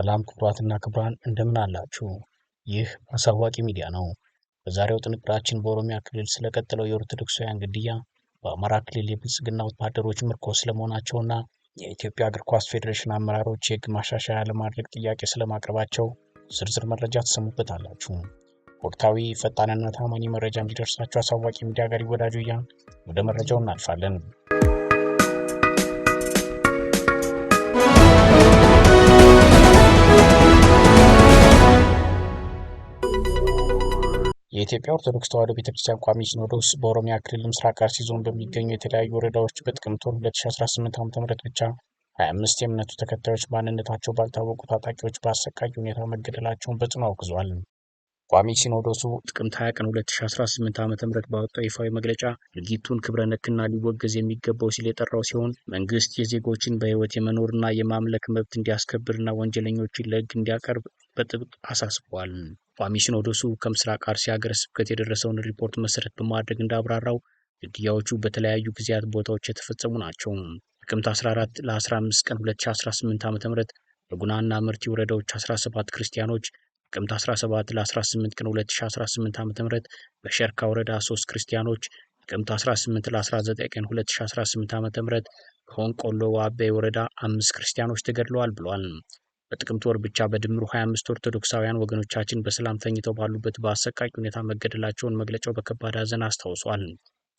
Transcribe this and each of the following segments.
ሰላም ክቡራትና ክቡራን እንደምን አላችሁ? ይህ አሳዋቂ ሚዲያ ነው። በዛሬው ጥንቅራችን በኦሮሚያ ክልል ስለቀጠለው የኦርቶዶክሳውያን ግድያ፣ በአማራ ክልል የብልጽግና ወታደሮች ምርኮ ስለመሆናቸውና የኢትዮጵያ እግር ኳስ ፌዴሬሽን አመራሮች የህግ ማሻሻያ ለማድረግ ጥያቄ ስለማቅረባቸው ዝርዝር መረጃ ትሰሙበታላችሁ። ወቅታዊ ፈጣንና ታማኝ መረጃ እንዲደርሳቸው አሳዋቂ ሚዲያ ጋር ይወዳጁ እያ ወደ መረጃው እናልፋለን። የኢትዮጵያ ኦርቶዶክስ ተዋሕዶ ቤተክርስቲያን ቋሚ ሲኖዶስ በኦሮሚያ ክልል ምስራቅ አርሲ ዞን በሚገኙ የተለያዩ ወረዳዎች በጥቅምት ወር 2018 ም ብቻ 25 የእምነቱ ተከታዮች ማንነታቸው ባልታወቁ ታጣቂዎች በአሰቃቂ ሁኔታ መገደላቸውን በጽኑ አውግዟል። ቋሚ ሲኖዶሱ ጥቅምት 20 ቀን 2018 ዓ ም ባወጣው ይፋዊ መግለጫ ድርጊቱን ክብረ ነክና ሊወገዝ የሚገባው ሲል የጠራው ሲሆን መንግስት የዜጎችን በህይወት የመኖርና የማምለክ መብት እንዲያስከብርና ወንጀለኞችን ለህግ እንዲያቀርብ በጥብቅ አሳስቧል። ቋሚ ሲኖዶሱ ከምስራቅ አርሲ ሀገረ ስብከት የደረሰውን ሪፖርት መሰረት በማድረግ እንዳብራራው ግድያዎቹ በተለያዩ ጊዜያት ቦታዎች የተፈጸሙ ናቸው። ጥቅምት 14 ለ15 ቀን 2018 ዓ ም በጉናና ምርት ወረዳዎች 17 ክርስቲያኖች፣ ጥቅምት 17 ለ18 ቀን 2018 ዓ ም በሸርካ ወረዳ 3 ክርስቲያኖች፣ ጥቅምት 18 ለ19 ቀን 2018 ዓ ም በሆንቆሎ ዋቤ ወረዳ አምስት ክርስቲያኖች ተገድለዋል ብሏል። በጥቅምት ወር ብቻ በድምሩ 25 ኦርቶዶክሳውያን ወገኖቻችን በሰላም ተኝተው ባሉበት በአሰቃቂ ሁኔታ መገደላቸውን መግለጫው በከባድ ሐዘን አስታውሷል።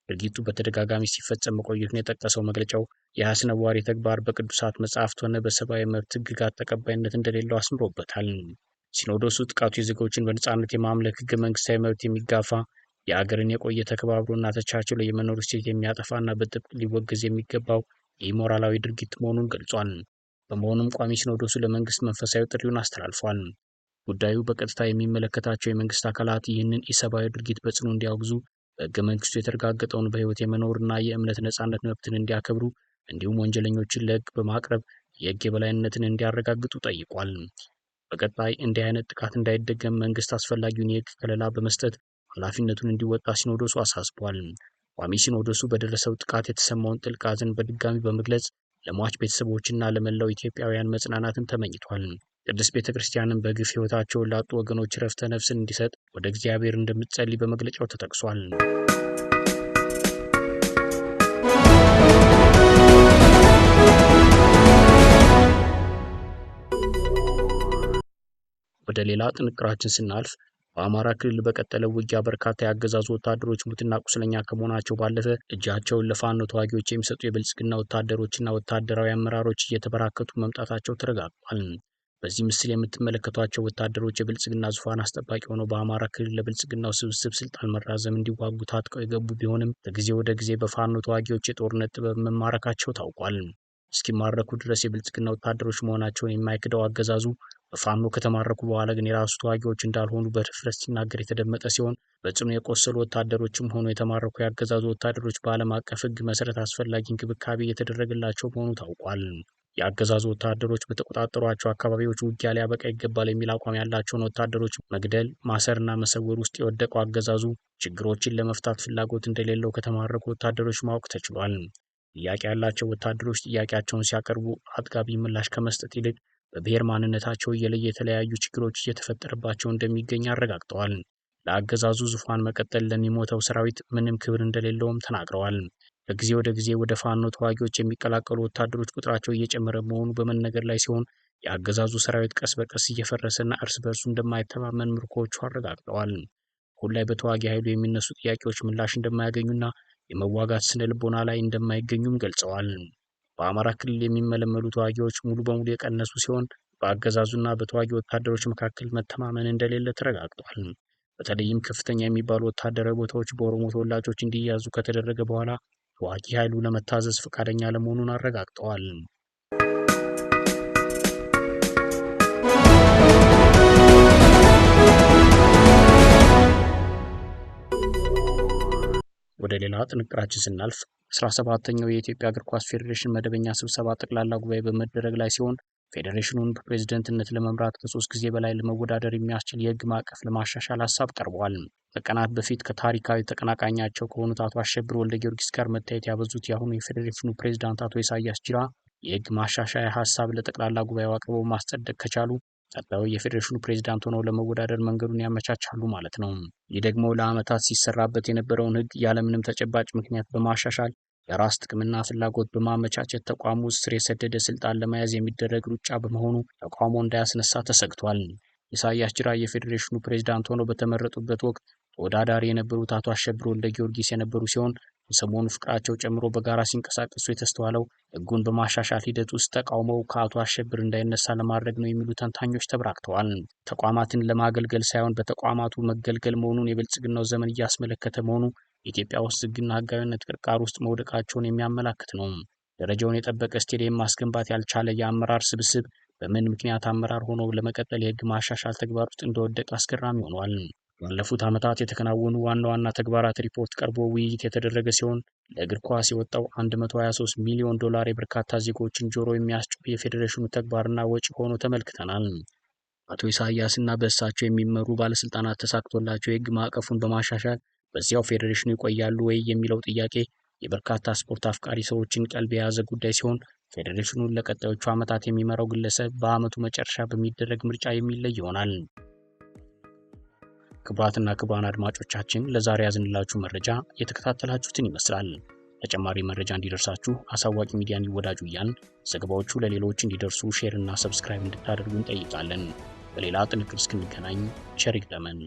ድርጊቱ በተደጋጋሚ ሲፈጸም መቆየቱን የጠቀሰው መግለጫው የአስነዋሪ ተግባር በቅዱሳት መጽሐፍት ሆነ በሰብአዊ መብት ሕግጋት ተቀባይነት እንደሌለው አስምሮበታል። ሲኖዶሱ ጥቃቱ የዜጎችን በነጻነት የማምለክ ሕገ መንግስታዊ መብት የሚጋፋ የአገርን የቆየ ተከባብሮና ተቻችሎ የመኖር እሴት የሚያጠፋና በጥብቅ ሊወገዝ የሚገባው የኢሞራላዊ ድርጊት መሆኑን ገልጿል። በመሆኑም ቋሚ ሲኖዶሱ ለመንግስት መንፈሳዊ ጥሪውን አስተላልፏል። ጉዳዩ በቀጥታ የሚመለከታቸው የመንግስት አካላት ይህንን ኢሰብአዊ ድርጊት በጽኑ እንዲያወግዙ በህገ መንግስቱ የተረጋገጠውን በህይወት የመኖርና የእምነት ነጻነት መብትን እንዲያከብሩ እንዲሁም ወንጀለኞችን ለህግ በማቅረብ የህግ የበላይነትን እንዲያረጋግጡ ጠይቋል። በቀጣይ እንዲህ አይነት ጥቃት እንዳይደገም መንግስት አስፈላጊውን የህግ ከለላ በመስጠት ኃላፊነቱን እንዲወጣ ሲኖዶሱ አሳስቧል። ቋሚ ሲኖዶሱ በደረሰው ጥቃት የተሰማውን ጥልቅ ሐዘን በድጋሚ በመግለጽ ለሟች ቤተሰቦችና ለመላው ኢትዮጵያውያን መጽናናትን ተመኝቷል። ቅድስት ቤተ ክርስቲያንን በግፍ ሕይወታቸውን ላጡ ወገኖች ረፍተ ነፍስን እንዲሰጥ ወደ እግዚአብሔር እንደምትጸልይ በመግለጫው ተጠቅሷል። ወደ ሌላ ጥንቅራችን ስናልፍ በአማራ ክልል በቀጠለው ውጊያ በርካታ የአገዛዙ ወታደሮች ሙትና ቁስለኛ ከመሆናቸው ባለፈ እጃቸውን ለፋኖ ተዋጊዎች የሚሰጡ የብልጽግና ወታደሮችና ወታደራዊ አመራሮች እየተበራከቱ መምጣታቸው ተረጋግጧል። በዚህ ምስል የምትመለከቷቸው ወታደሮች የብልጽግና ዙፋን አስጠባቂ ሆነው በአማራ ክልል ለብልጽግናው ስብስብ ስልጣን መራዘም እንዲዋጉ ታጥቀው የገቡ ቢሆንም ከጊዜ ወደ ጊዜ በፋኖ ተዋጊዎች የጦርነት ጥበብ መማረካቸው ታውቋል። እስኪማረኩ ድረስ የብልጽግና ወታደሮች መሆናቸውን የማይክደው አገዛዙ በፋኖ ከተማረኩ በኋላ ግን የራሱ ተዋጊዎች እንዳልሆኑ በድፍረት ሲናገር የተደመጠ ሲሆን በጽኑ የቆሰሉ ወታደሮችም ሆኖ የተማረኩ የአገዛዙ ወታደሮች በዓለም አቀፍ ሕግ መሰረት አስፈላጊ እንክብካቤ እየተደረገላቸው መሆኑ ታውቋል። የአገዛዙ ወታደሮች በተቆጣጠሯቸው አካባቢዎች ውጊያ ሊያበቃ ይገባል የሚል አቋም ያላቸውን ወታደሮች መግደል፣ ማሰርና መሰወር ውስጥ የወደቀው አገዛዙ ችግሮችን ለመፍታት ፍላጎት እንደሌለው ከተማረኩ ወታደሮች ማወቅ ተችሏል። ጥያቄ ያላቸው ወታደሮች ጥያቄያቸውን ሲያቀርቡ አጥጋቢ ምላሽ ከመስጠት ይልቅ በብሔር ማንነታቸው እየለየ የተለያዩ ችግሮች እየተፈጠረባቸው እንደሚገኝ አረጋግጠዋል። ለአገዛዙ ዙፋን መቀጠል ለሚሞተው ሰራዊት ምንም ክብር እንደሌለውም ተናግረዋል። ከጊዜ ወደ ጊዜ ወደ ፋኖ ተዋጊዎች የሚቀላቀሉ ወታደሮች ቁጥራቸው እየጨመረ መሆኑ በመነገር ላይ ሲሆን የአገዛዙ ሰራዊት ቀስ በቀስ እየፈረሰና እርስ በርሱ እንደማይተማመን ምርኮዎቹ አረጋግጠዋል። አሁን ላይ በተዋጊ ኃይሉ የሚነሱ ጥያቄዎች ምላሽ እንደማያገኙና የመዋጋት ስነ ልቦና ላይ እንደማይገኙም ገልጸዋል። በአማራ ክልል የሚመለመሉ ተዋጊዎች ሙሉ በሙሉ የቀነሱ ሲሆን በአገዛዙና በተዋጊ ወታደሮች መካከል መተማመን እንደሌለ ተረጋግጧል። በተለይም ከፍተኛ የሚባሉ ወታደራዊ ቦታዎች በኦሮሞ ተወላጆች እንዲያዙ ከተደረገ በኋላ ተዋጊ ኃይሉ ለመታዘዝ ፈቃደኛ ለመሆኑን አረጋግጠዋል። ወደ ሌላ ጥንቅራችን ስናልፍ 17 ሰባተኛው የኢትዮጵያ እግር ኳስ ፌዴሬሽን መደበኛ ስብሰባ ጠቅላላ ጉባኤ በመደረግ ላይ ሲሆን ፌዴሬሽኑን በፕሬዝደንትነት ለመምራት ከሶስት ጊዜ በላይ ለመወዳደር የሚያስችል የህግ ማዕቀፍ ለማሻሻል ሀሳብ ቀርቧል። ከቀናት በፊት ከታሪካዊ ተቀናቃኛቸው ከሆኑት አቶ አሸብር ወልደ ጊዮርጊስ ጋር መታየት ያበዙት የአሁኑ የፌዴሬሽኑ ፕሬዝዳንት አቶ ኢሳያስ ጅራ የህግ ማሻሻያ ሀሳብ ለጠቅላላ ጉባኤው አቅርበው ማስጸደቅ ከቻሉ ጸጋዬ የፌዴሬሽኑ ፕሬዚዳንት ሆነው ለመወዳደር መንገዱን ያመቻቻሉ ማለት ነው። ይህ ደግሞ ለዓመታት ሲሰራበት የነበረውን ሕግ ያለምንም ተጨባጭ ምክንያት በማሻሻል የራስ ጥቅምና ፍላጎት በማመቻቸት ተቋሙ ስር የሰደደ ስልጣን ለመያዝ የሚደረግ ሩጫ በመሆኑ ተቋሙ እንዳያስነሳ ተሰግቷል። ኢሳያስ ጅራ የፌዴሬሽኑ ፕሬዚዳንት ሆነው በተመረጡበት ወቅት ተወዳዳሪ የነበሩት አቶ አሸብር ወልደ ጊዮርጊስ የነበሩ ሲሆን የሰሞኑ ፍቅራቸው ጨምሮ በጋራ ሲንቀሳቀሱ የተስተዋለው ህጉን በማሻሻል ሂደት ውስጥ ተቃውሞው ከአቶ አሸብር እንዳይነሳ ለማድረግ ነው የሚሉ ተንታኞች ተበራክተዋል። ተቋማትን ለማገልገል ሳይሆን በተቋማቱ መገልገል መሆኑን የብልጽግናው ዘመን እያስመለከተ መሆኑ ኢትዮጵያ ውስጥ ህግና ህጋዊነት ቅርቃር ውስጥ መውደቃቸውን የሚያመላክት ነው። ደረጃውን የጠበቀ ስቴዲየም ማስገንባት ያልቻለ የአመራር ስብስብ በምን ምክንያት አመራር ሆኖ ለመቀጠል የህግ ማሻሻል ተግባር ውስጥ እንደወደቀ አስገራሚ ሆኗል። ባለፉት ዓመታት የተከናወኑ ዋና ዋና ተግባራት ሪፖርት ቀርቦ ውይይት የተደረገ ሲሆን ለእግር ኳስ የወጣው 123 ሚሊዮን ዶላር የበርካታ ዜጎችን ጆሮ የሚያስጭብ የፌዴሬሽኑ ተግባርና ወጪ ሆኖ ተመልክተናል። አቶ ኢሳያስና በእሳቸው የሚመሩ ባለስልጣናት ተሳክቶላቸው የህግ ማዕቀፉን በማሻሻል በዚያው ፌዴሬሽኑ ይቆያሉ ወይ የሚለው ጥያቄ የበርካታ ስፖርት አፍቃሪ ሰዎችን ቀልብ የያዘ ጉዳይ ሲሆን ፌዴሬሽኑን ለቀጣዮቹ ዓመታት የሚመራው ግለሰብ በዓመቱ መጨረሻ በሚደረግ ምርጫ የሚለይ ይሆናል። ክቡራትና ክቡራን አድማጮቻችን ለዛሬ ያዝንላችሁ መረጃ የተከታተላችሁትን ይመስላል። ተጨማሪ መረጃ እንዲደርሳችሁ አሳዋቂ ሚዲያን ይወዳጁ እያልን ዘገባዎቹ ለሌሎች እንዲደርሱ ሼርና ሰብስክራይብ እንድታደርጉ እንጠይቃለን። በሌላ ጥንቅር እስክንገናኝ ቸር ይግጠመን።